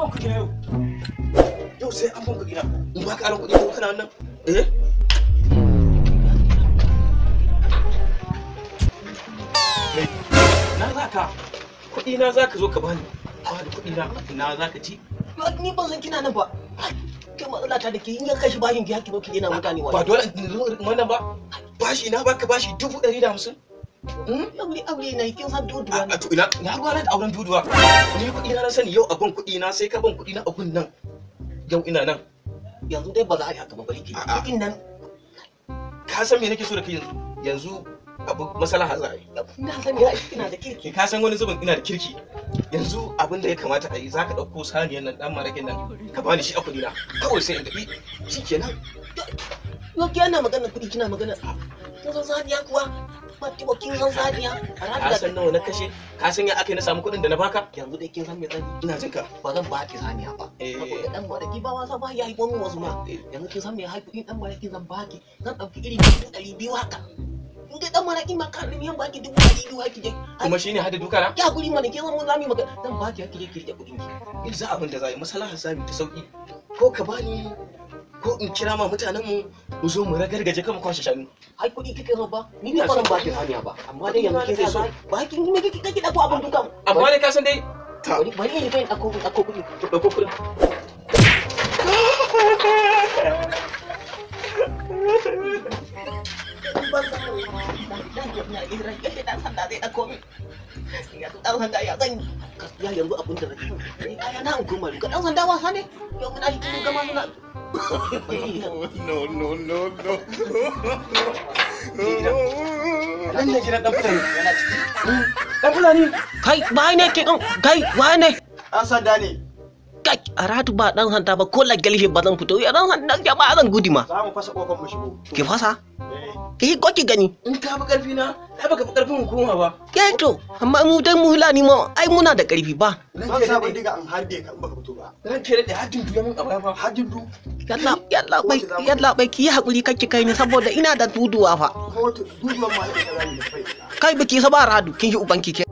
ban kuɗi na yau yau sai kuɗi na in ba ƙarin kuɗi kana eh na za ka kuɗi na za ka zo ka bani ba da kuɗi na na za ka ci ni ban san kina nan ba kai matsala ta da ke in kashi bashin ki hakki ki yana mutane wa ba dole wannan ba bashi na baka bashi dubu ɗari da hamsin Aure aure na kin san duduwa. A to ina na gwanar da auren duduwa. Ni kuɗi na sani yau abun kuɗi na sai ka ban kuɗi na abun nan. Yau ina nan. Yanzu dai ba za a yi haka ba bari ki. Kuɗin nan. Ka san me nake so da kai yanzu? Yanzu abu masalaha haza. a yi. Na san me ina da kirki. Ka san wani zubin ina da kirki. Yanzu abin da ya kamata a yi za ka ɗauko saniyar nan ɗan marakin nan ka bani shi a kuɗi na. Kawai sai in gaɓi. Shi kenan. Yau kina magana kuɗi kina magana. Kun san saniya kuwa tiwa kin hausa diya ka san nawa na kashe ka san ya aka na samu kuɗin da na baka yanzu dai kin san me zan ina jin ka ba zan baki saniya ba eh. saboda dan maraki ba wasa ba ya yi min wasu ma eh. yanzu kin san me haifi dan maraki zan baki zan ɗauki iri dubu ɗari biyu haka in dai dan maraki ma ka rumiyan baki dubu ɗari biyu haki je kuma shi ne hada duka na ya guri mana kin san mun zamu maka zan baki haki je ki rike kuɗin ki yanzu abin da za a yi masalahar sami ta sauki ko ka bani ko in kira ma mutanen mu mu zo mu ragargaje k'an kwashe shanu ai kudi kike zo ba ni ba ba ki hanya ba amma dai yanzu kike so ba ki me kike kike dako abun dukan amma dai ka san dai bari bari ne kai dako dako kuɗi dako kudi kai wai ne ke kai wane an kai a ratu ba dan ba ko lagalhe ba zan fito ya dan sanda ya ba zan gudu ma za mu fasa kofar mu shigo ke fasa eh ki ko ki gani in ka fi karfi na ai baka fi karfin hukuma ba ke to amma mu dan mu hulani ma ai muna da karfi ba nan ke da diga an harbe ka baka fito ba nan ke da hadin du mun abaya fa hadin du yalla yalla bai yalla bai ki yi hakuri kake kai ne saboda ina da duduwa fa duduwa ma kai baki sa ba radu kin yi ubanki ke